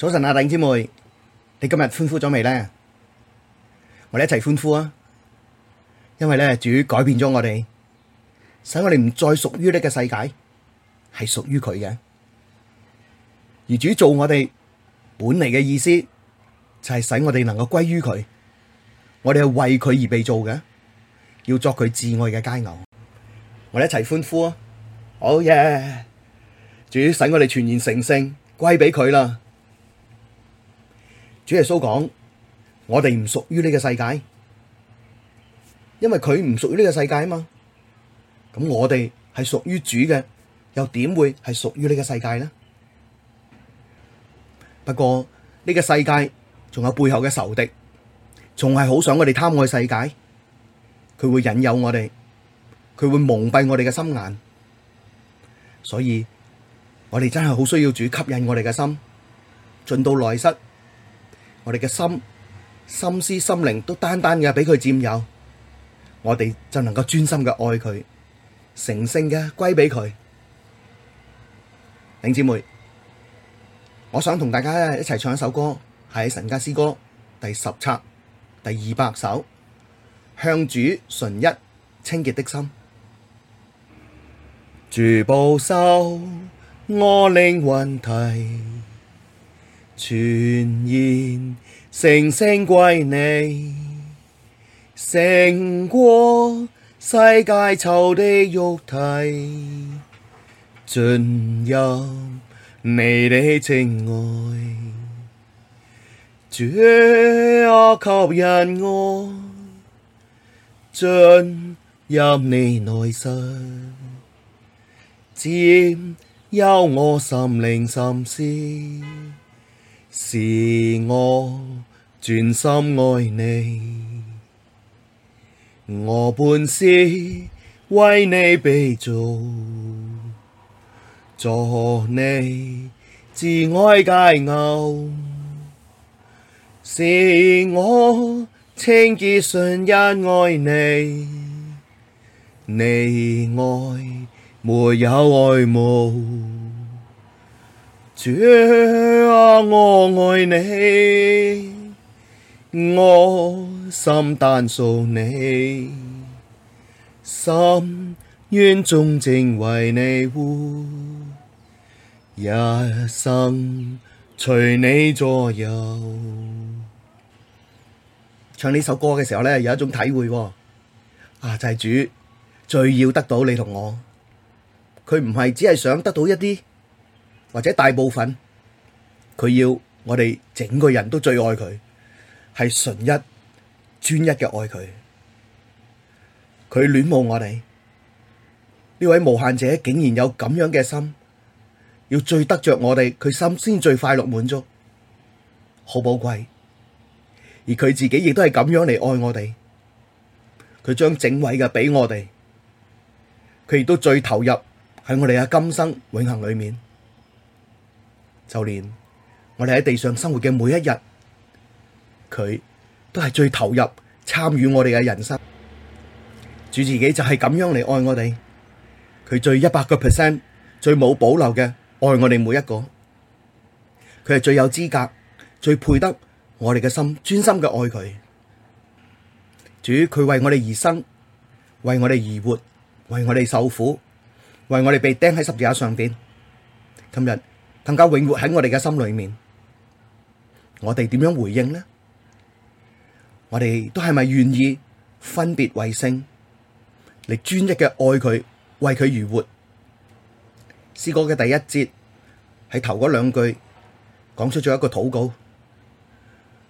早晨啊，頂姊妹，你今日歡呼咗未咧？我哋一齊歡呼啊！因為咧，主改變咗我哋，使我哋唔再屬於呢個世界，係屬於佢嘅。而主做我哋本嚟嘅意思，就係使我哋能夠歸於佢。我哋係為佢而被造嘅，要作佢至愛嘅佳偶。我哋一齊歡呼啊！好耶！主使我哋全然成聖，歸俾佢啦。主耶穌講：我哋唔屬於呢個世界，因為佢唔屬於呢個世界啊嘛。咁我哋係屬於主嘅，又點會係屬於呢個世界呢？不過呢個世界仲有背後嘅仇敵，仲係好想我哋貪愛世界，佢會引誘我哋，佢會蒙蔽我哋嘅心眼。所以，我哋真係好需要主吸引我哋嘅心，進到內室。我哋嘅心、心思、心靈都單單嘅俾佢佔有，我哋就能夠專心嘅愛佢，成聖嘅歸俾佢。弟兄姊妹，我想同大家一齊唱一首歌，係《神家詩歌》第十冊第二百首《向主純一清潔的心》，主，保守我靈魂體全然成聖歸你，勝過世界、仇敵、肉體，進入你的情愛，主啊，吸引我，進入你內室，佔有我心靈心思。是我專心愛你，我本是為你被造，作你至愛佳偶。是我清潔純一愛你，你外沒有愛慕。主啊，我愛你，我心單屬你，深願忠貞為你活，一生隨你左右。唱呢首歌嘅時候呢，有一種體會，啊就係主最要得到你同我，佢唔係只係想得到一啲。或者大部分，佢要我哋整個人都最愛佢，係純一、專一嘅愛佢。佢戀慕我哋呢位無限者，竟然有咁樣嘅心，要最得着我哋，佢心先最快樂滿足，好寶貴。而佢自己亦都係咁樣嚟愛我哋，佢將整位嘅俾我哋，佢亦都最投入喺我哋嘅今生永恆裏面，就連我哋喺地上生活嘅每一日，佢都係最投入參與我哋嘅人生。主自己就係咁樣嚟愛我哋，佢最一百個 percent、最冇保留嘅愛我哋每一個。佢係最有資格、最配得我哋嘅心、專心嘅愛佢。主佢為我哋而生，為我哋而活，為我哋受苦，為我哋被釘喺十字架上邊。今日。更加永活喺我哋嘅心裏面，我哋點樣回應呢？我哋都係咪願意分別為聖，嚟專一嘅愛佢，為佢而活？詩歌嘅第一節喺頭嗰兩句講出咗一個禱告，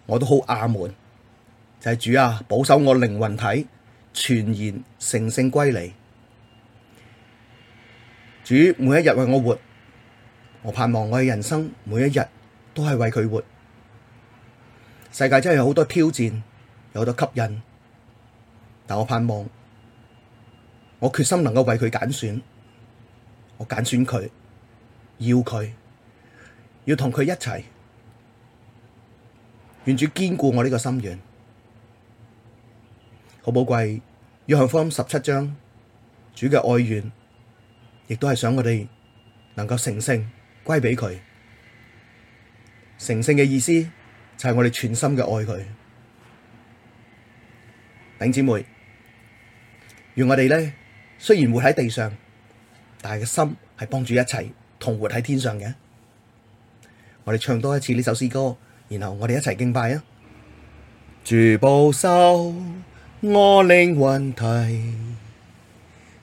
我都好阿門。就係主啊，保守我靈魂體，全然成聖歸你。」主每一日為我活。我盼望我嘅人生每一日都係為佢活。世界真係有好多挑戰，有好多吸引，但我盼望，我決心能夠為佢揀選，我揀選佢，要佢，要同佢一齊，願主堅固我呢個心願。好寶貴，約翰福音十七章，主嘅愛願，亦都係想我哋能夠成聖。歸畀佢，成聖嘅意思就係我哋全心嘅愛佢。弟兄姊妹，願我哋呢，雖然活喺地上，但係個心係幫住一切同活喺天上嘅。我哋唱多一次呢首詩歌，然後我哋一齊敬拜啊！主保守我靈魂體，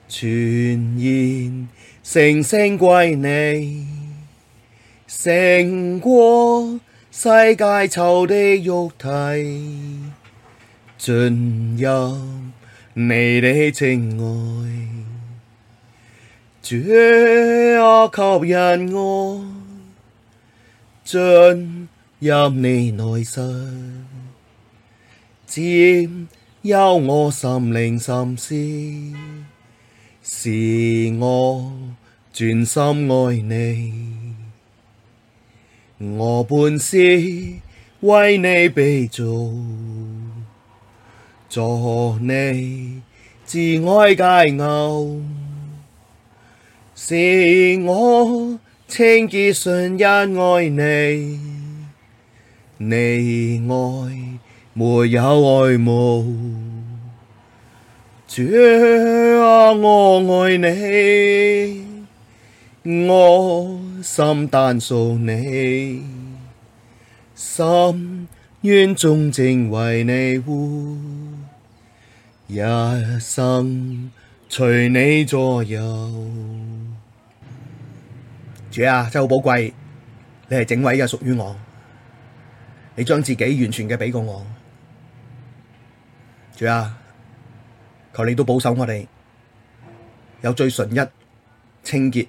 全然成聖歸你。勝過世界、仇敵肉體，進入你的情愛，主啊，吸引我，進入你內室，佔有我心靈、心思，使我全心愛你。我本是為你被造，作你至愛佳偶，使我清潔純一愛你，你外沒有愛慕，主啊，我愛你。我心單屬你，心願忠貞為你活，一生隨你左右。主啊，真係好寶貴，你係整位嘅屬於我，你將自己完全嘅畀過我。主啊，求你都保守我哋，有最純一、清潔。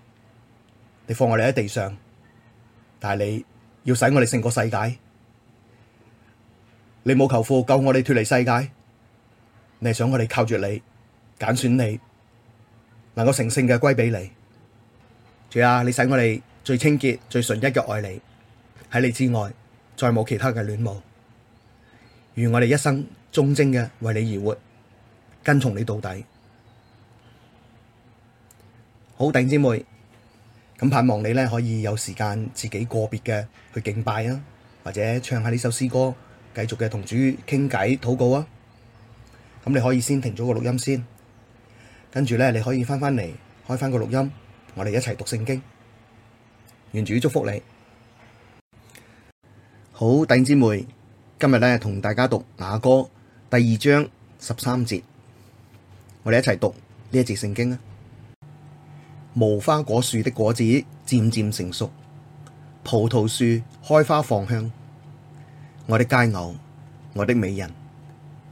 你放我哋喺地上，但係你要使我哋勝過世界。你冇求父救我哋脫離世界，你係想我哋靠住你揀選你，能夠成聖嘅歸俾你。主啊，你使我哋最清潔、最純一嘅愛你，喺你之外再冇其他嘅戀慕。如我哋一生忠貞嘅為你而活，跟從你到底。好，頂姐妹。咁盼望你咧可以有時間自己個別嘅去敬拜啊，或者唱下呢首詩歌，繼續嘅同主傾偈禱告啊。咁你可以先停咗個錄音先，跟住咧你可以翻返嚟開翻個錄音，我哋一齊讀聖經。願主祝福你。好，弟兄姊妹，今日咧同大家讀雅歌第二章十三節，我哋一齊讀呢一節聖經啊。無花果樹的果子漸漸成熟，葡萄樹開花放香。我的佳偶，我的美人，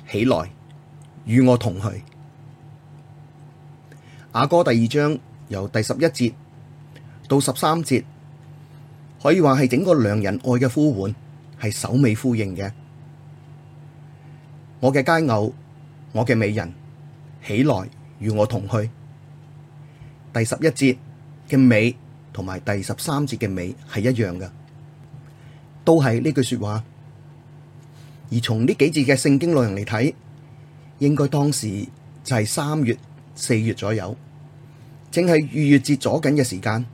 起來，與我同去。雅歌第二章由第十一節到十三節，可以話係整個良人愛嘅呼喚，係首尾呼應嘅。我嘅佳偶，我嘅美人，起來，與我同去。第十一節嘅尾同埋第十三節嘅尾係一樣嘅，都係呢句說話。而從呢幾節嘅聖經內容嚟睇，應該當時就係三月、四月左右，正係逾越節咗緊嘅時間，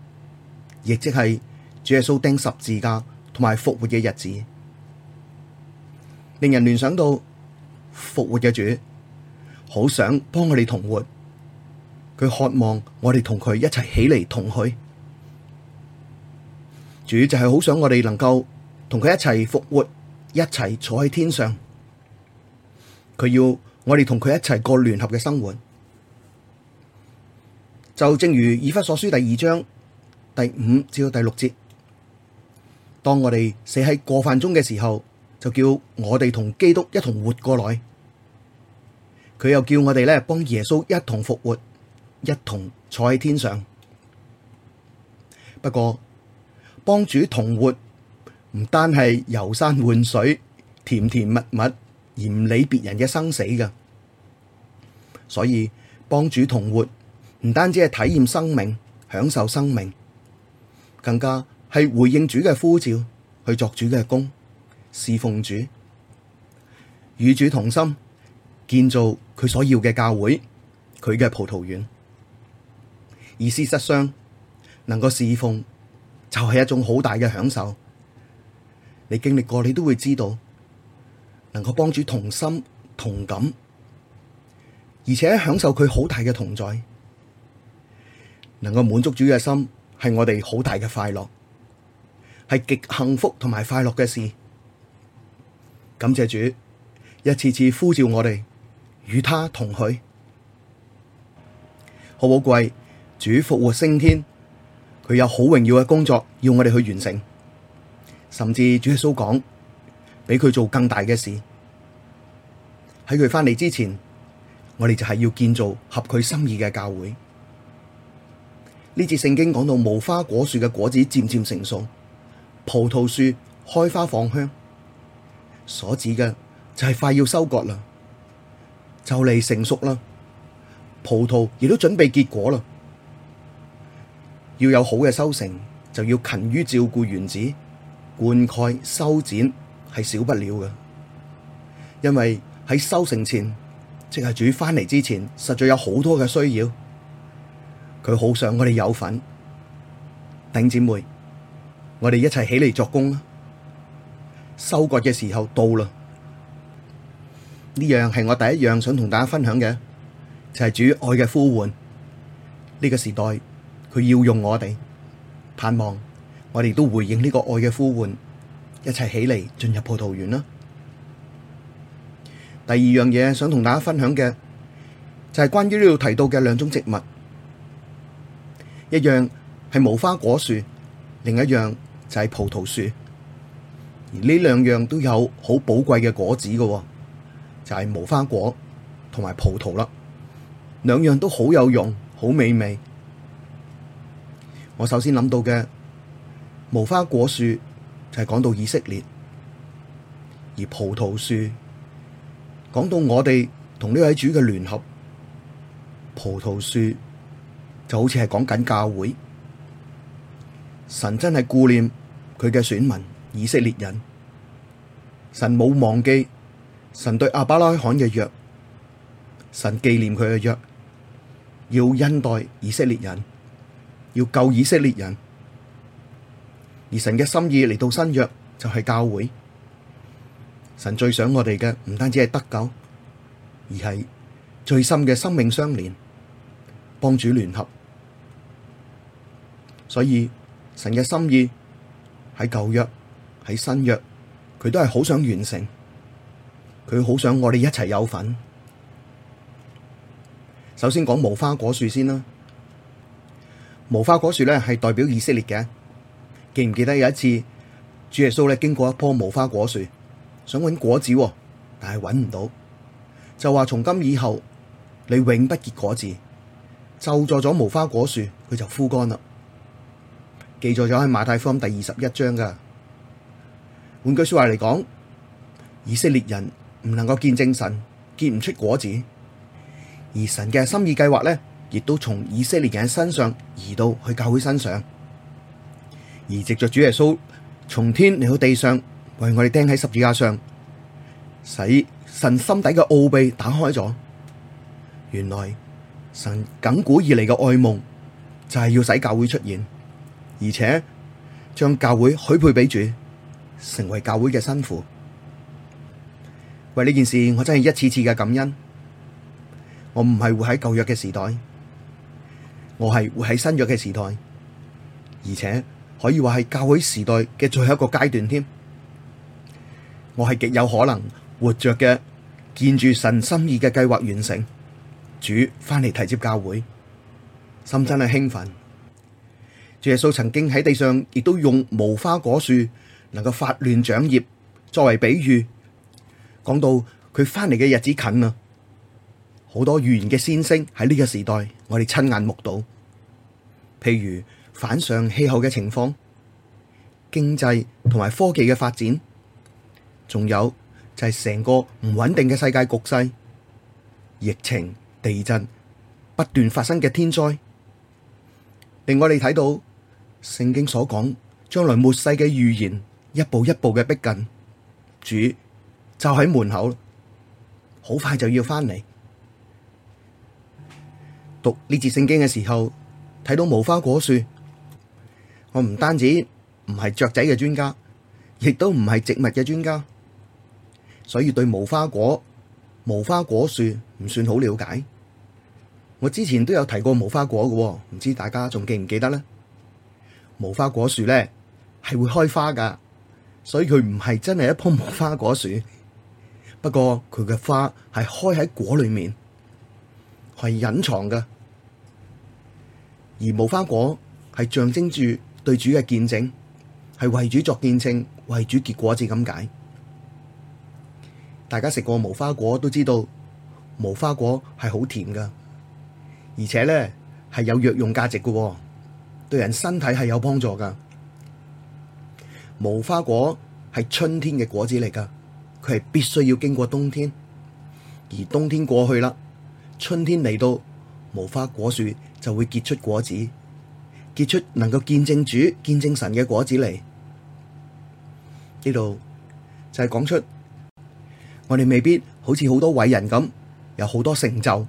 亦即係主耶穌釘十字架同埋復活嘅日子，令人聯想到復活嘅主，好想幫我哋同活。佢渴望我哋同佢一齊起嚟同去，主就係好想我哋能夠同佢一齊復活，一齊坐喺天上。佢要我哋同佢一齊過聯合嘅生活，就正如以弗所書第二章第五至到第六節，當我哋死喺過犯中嘅時候，就叫我哋同基督一同活過來。佢又叫我哋咧幫耶穌一同復活。一同坐喺天上。不過，幫主同活唔單係遊山玩水、甜甜蜜蜜，而唔理別人嘅生死㗎。所以，幫主同活唔單止係體驗生命、享受生命，更加係回應主嘅呼召，去作主嘅工、侍奉主，與主同心，建造佢所要嘅教會，佢嘅葡萄園。而事實上，能夠侍奉就係、是、一種好大嘅享受。你經歷過，你都會知道，能夠幫主同心同感，而且享受佢好大嘅同在，能夠滿足主嘅心，係我哋好大嘅快樂，係極幸福同埋快樂嘅事。感謝主，一次次呼召我哋與他同去，好寶貴。主復活升天，佢有好榮耀嘅工作要我哋去完成，甚至主耶穌講，俾佢做更大嘅事。喺佢翻嚟之前，我哋就係要建造合佢心意嘅教會。呢次聖經講到無花果樹嘅果子漸漸成熟，葡萄樹開花放香，所指嘅就係快要收割啦，就嚟成熟啦，葡萄亦都準備結果啦。要有好嘅收成，就要勤於照顧園子，灌溉、修剪係少不了嘅。因為喺收成前，即係主返嚟之前，實在有好多嘅需要。佢好想我哋有份，頂姐妹，我哋一齊起嚟作工啦。收割嘅時候到啦，呢樣係我第一樣想同大家分享嘅，就係、是、主愛嘅呼喚呢、這個時代。佢要用我哋盼望，我哋都回應呢個愛嘅呼喚，一齊起嚟進入葡萄園啦。第二樣嘢想同大家分享嘅，就係關於呢度提到嘅兩種植物，一樣係無花果樹，另一樣就係葡萄樹，而呢兩樣都有好寶貴嘅果子嘅，就係無花果同埋葡萄啦，兩樣都好有用，好美味。我首先諗到嘅，無花果樹就係講到以色列，而葡萄樹講到我哋同呢位主嘅聯合，葡萄樹就好似係講緊教會。神真係顧念佢嘅選民以色列人，神冇忘記神對亞伯拉罕嘅約，神紀念佢嘅約，要恩待以色列人。要救以色列人，而神嘅心意嚟到新約就係教會。神最想我哋嘅唔單止係得救，而係最深嘅生命相連，幫主聯合。所以神嘅心意喺舊約喺新約，佢都係好想完成，佢好想我哋一齊有份。首先講無花果樹先啦。無花果樹咧係代表以色列嘅，記唔記得有一次主耶穌咧經過一棵無花果樹，想搵果子，哦，但係搵唔到，就話從今以後你永不結果子，咒詛咗無花果樹佢就枯乾啦。記載咗喺馬太福音第二十一章噶。換句話說話嚟講，以色列人唔能夠見證神，結唔出果子，而神嘅心意計劃咧。亦都從以色列人身上移到去教會身上，而藉着主耶穌從天嚟到地上，為我哋釘喺十字架上，使神心底嘅奧秘打開咗。原來神亘古以嚟嘅愛夢就係要使教會出現，而且將教會許配俾主，成為教會嘅新婦。為呢件事，我真係一次次嘅感恩。我唔係活喺舊約嘅時代。我係會喺新約嘅時代，而且可以話係教會時代嘅最後一個階段添。我係極有可能活着嘅，見住神心意嘅計劃完成，主翻嚟提接教會，心真係興奮。嗯、耶穌曾經喺地上亦都用無花果樹能夠發亂掌葉作為比喻，講到佢翻嚟嘅日子近啦。好多預言嘅先聲喺呢個時代，我哋親眼目睹。譬如反常氣候嘅情況、經濟同埋科技嘅發展，仲有就係成個唔穩定嘅世界局勢、疫情、地震不斷發生嘅天災，令我哋睇到聖經所講將來末世嘅預言一步一步嘅逼近，主就喺門口，好快就要翻嚟。讀呢節聖經嘅時候，睇到無花果樹，我唔單止唔係雀仔嘅專家，亦都唔係植物嘅專家，所以對無花果、無花果樹唔算好了解。我之前都有提過無花果嘅，唔知大家仲記唔記得呢？無花果樹咧係會開花噶，所以佢唔係真係一棵無花果樹，不過佢嘅花係開喺果裏面，係隱藏嘅。而無花果係象徵住對主嘅見證，係為主作見證，為主結果子咁解。大家食過無花果都知道，無花果係好甜噶，而且咧係有藥用價值嘅，對人身體係有幫助噶。無花果係春天嘅果子嚟噶，佢係必須要經過冬天，而冬天過去啦，春天嚟到，無花果樹，就會結出果子，結出能夠見證主、見證神嘅果子嚟。呢度就係講出我哋未必好似好多偉人咁，有好多成就，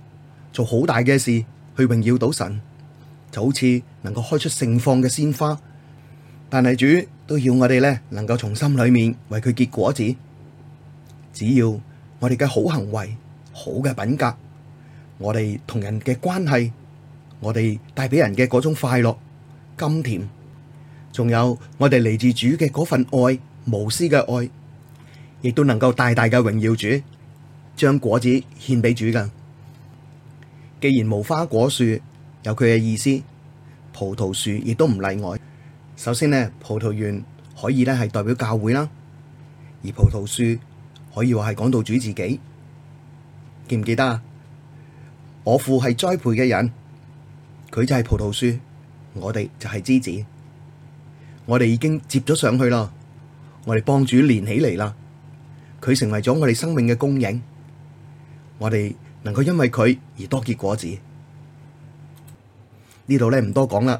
做好大嘅事去榮耀到神，就好似能夠開出盛放嘅鮮花。但係主都要我哋呢，能夠從心裏面為佢結果子。只要我哋嘅好行為、好嘅品格，我哋同人嘅關係。我哋帶俾人嘅嗰種快樂甘甜，仲有我哋嚟自主嘅嗰份愛無私嘅愛，亦都能夠大大嘅榮耀主，將果子獻俾主噶。既然無花果樹有佢嘅意思，葡萄樹亦都唔例外。首先呢，葡萄園可以咧係代表教會啦，而葡萄樹可以話係講到主自己，記唔記得啊？我父係栽培嘅人。佢就係葡萄樹，我哋就係枝子，我哋已經接咗上去啦，我哋幫主連起嚟啦，佢成為咗我哋生命嘅供應，我哋能夠因為佢而多結果子。呢度咧唔多講啦，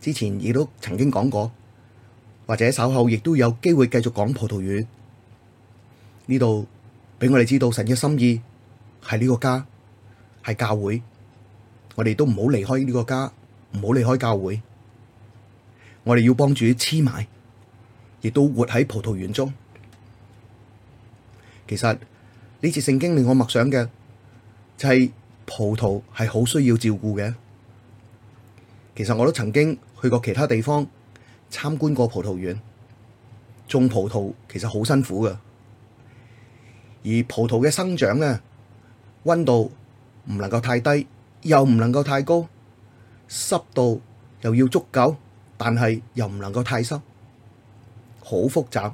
之前亦都曾經講過，或者稍後亦都有機會繼續講葡萄園。呢度俾我哋知道神嘅心意係呢個家，係教會。我哋都唔好離開呢個家，唔好離開教會。我哋要幫主黐埋，亦都活喺葡萄園中。其實呢次聖經令我默想嘅，就係葡萄係好需要照顧嘅。其實我都曾經去過其他地方參觀過葡萄園，種葡萄其實好辛苦噶。而葡萄嘅生長啊，溫度唔能夠太低。又唔能夠太高，濕度又要足夠，但係又唔能夠太濕，好複雜。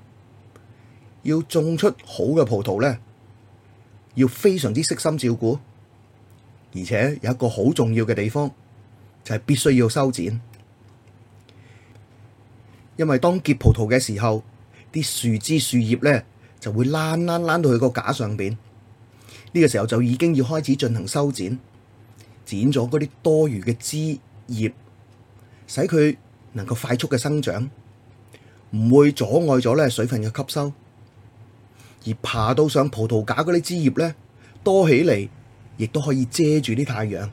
要種出好嘅葡萄咧，要非常之悉心照顧，而且有一個好重要嘅地方，就係必須要修剪，因為當結葡萄嘅時候，啲樹枝樹葉咧就會爛爛爛到去個架上邊，呢個時候就已經要開始進行修剪。剪咗嗰啲多餘嘅枝葉，使佢能夠快速嘅生長，唔會阻礙咗咧水分嘅吸收。而爬到上葡萄架嗰啲枝葉咧多起嚟，亦都可以遮住啲太陽，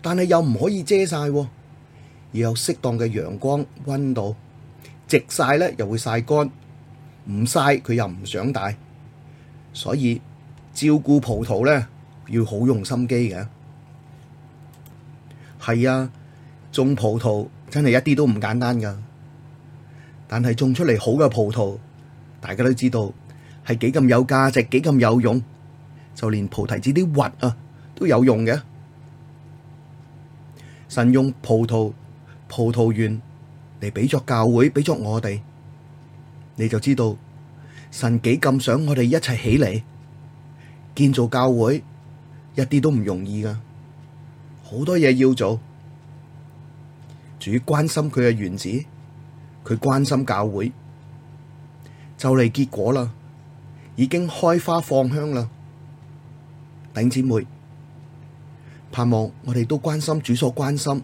但係又唔可以遮曬，要有適當嘅陽光、溫度。直曬咧又會曬乾，唔曬佢又唔長大，所以照顧葡萄咧要好用心機嘅。係啊，種葡萄真係一啲都唔簡單噶，但係種出嚟好嘅葡萄，大家都知道係幾咁有價值，幾咁有用，就連菩提子啲核啊都有用嘅。神用葡萄葡萄園嚟俾作教會，俾作我哋，你就知道神幾咁想我哋一齊起嚟，建造教會，一啲都唔容易噶。好多嘢要做，主關心佢嘅園子，佢關心教會，就嚟結果啦，已經開花放香啦，弟兄姊妹，盼望我哋都關心主所關心，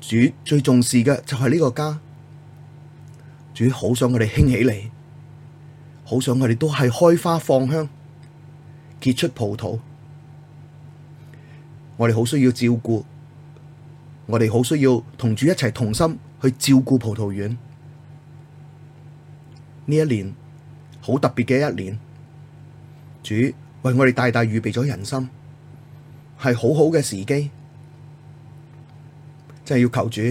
主最重視嘅就係呢個家，主好想我哋興起嚟，好想我哋都係開花放香，結出葡萄。我哋好需要照顧，我哋好需要同主一齊同心去照顧葡萄園。呢一年好特別嘅一年，主為我哋大大預備咗人心，係好好嘅時機，真係要求主，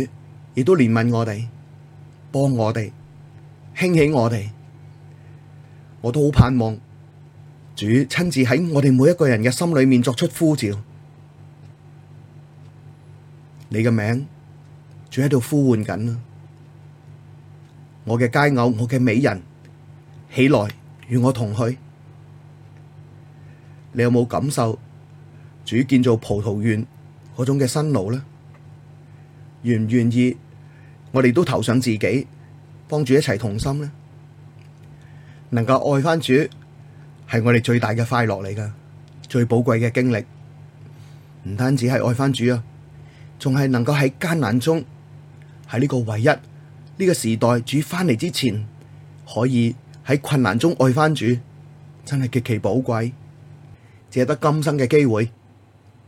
亦都憐憫我哋，幫我哋興起我哋。我都好盼望主親自喺我哋每一個人嘅心裏面作出呼召。你嘅名仲喺度呼喚緊啦！我嘅佳偶，我嘅美人，起來與我同去。你有冇感受主建造葡萄園嗰種嘅辛勞呢？願唔願意我哋都投上自己，幫住一齊同心呢？能夠愛翻主，係我哋最大嘅快樂嚟噶，最寶貴嘅經歷。唔單止係愛翻主啊！仲係能夠喺艱難中，喺呢個唯一呢個時代主翻嚟之前，可以喺困難中愛翻主，真係極其寶貴，只係得今生嘅機會。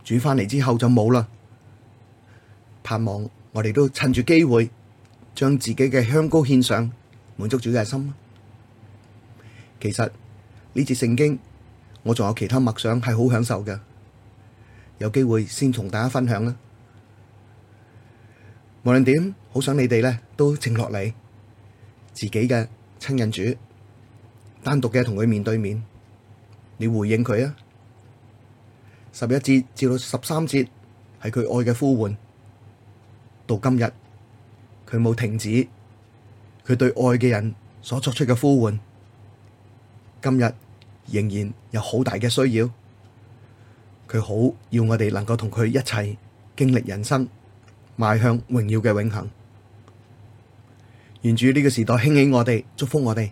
主翻嚟之後就冇啦。盼望我哋都趁住機會，將自己嘅香膏獻上，滿足主嘅心。其實呢節聖經，我仲有其他默想係好享受嘅，有機會先同大家分享啦。無論點，好想你哋咧都靜落嚟，自己嘅親人主，單獨嘅同佢面對面，你回應佢啊！十一節至到十三節係佢愛嘅呼喚，到今日佢冇停止，佢對愛嘅人所作出嘅呼喚，今日仍然有好大嘅需要，佢好要我哋能夠同佢一齊經歷人生。邁向榮耀嘅永恆，沿住呢個時代興起我哋，祝福我哋。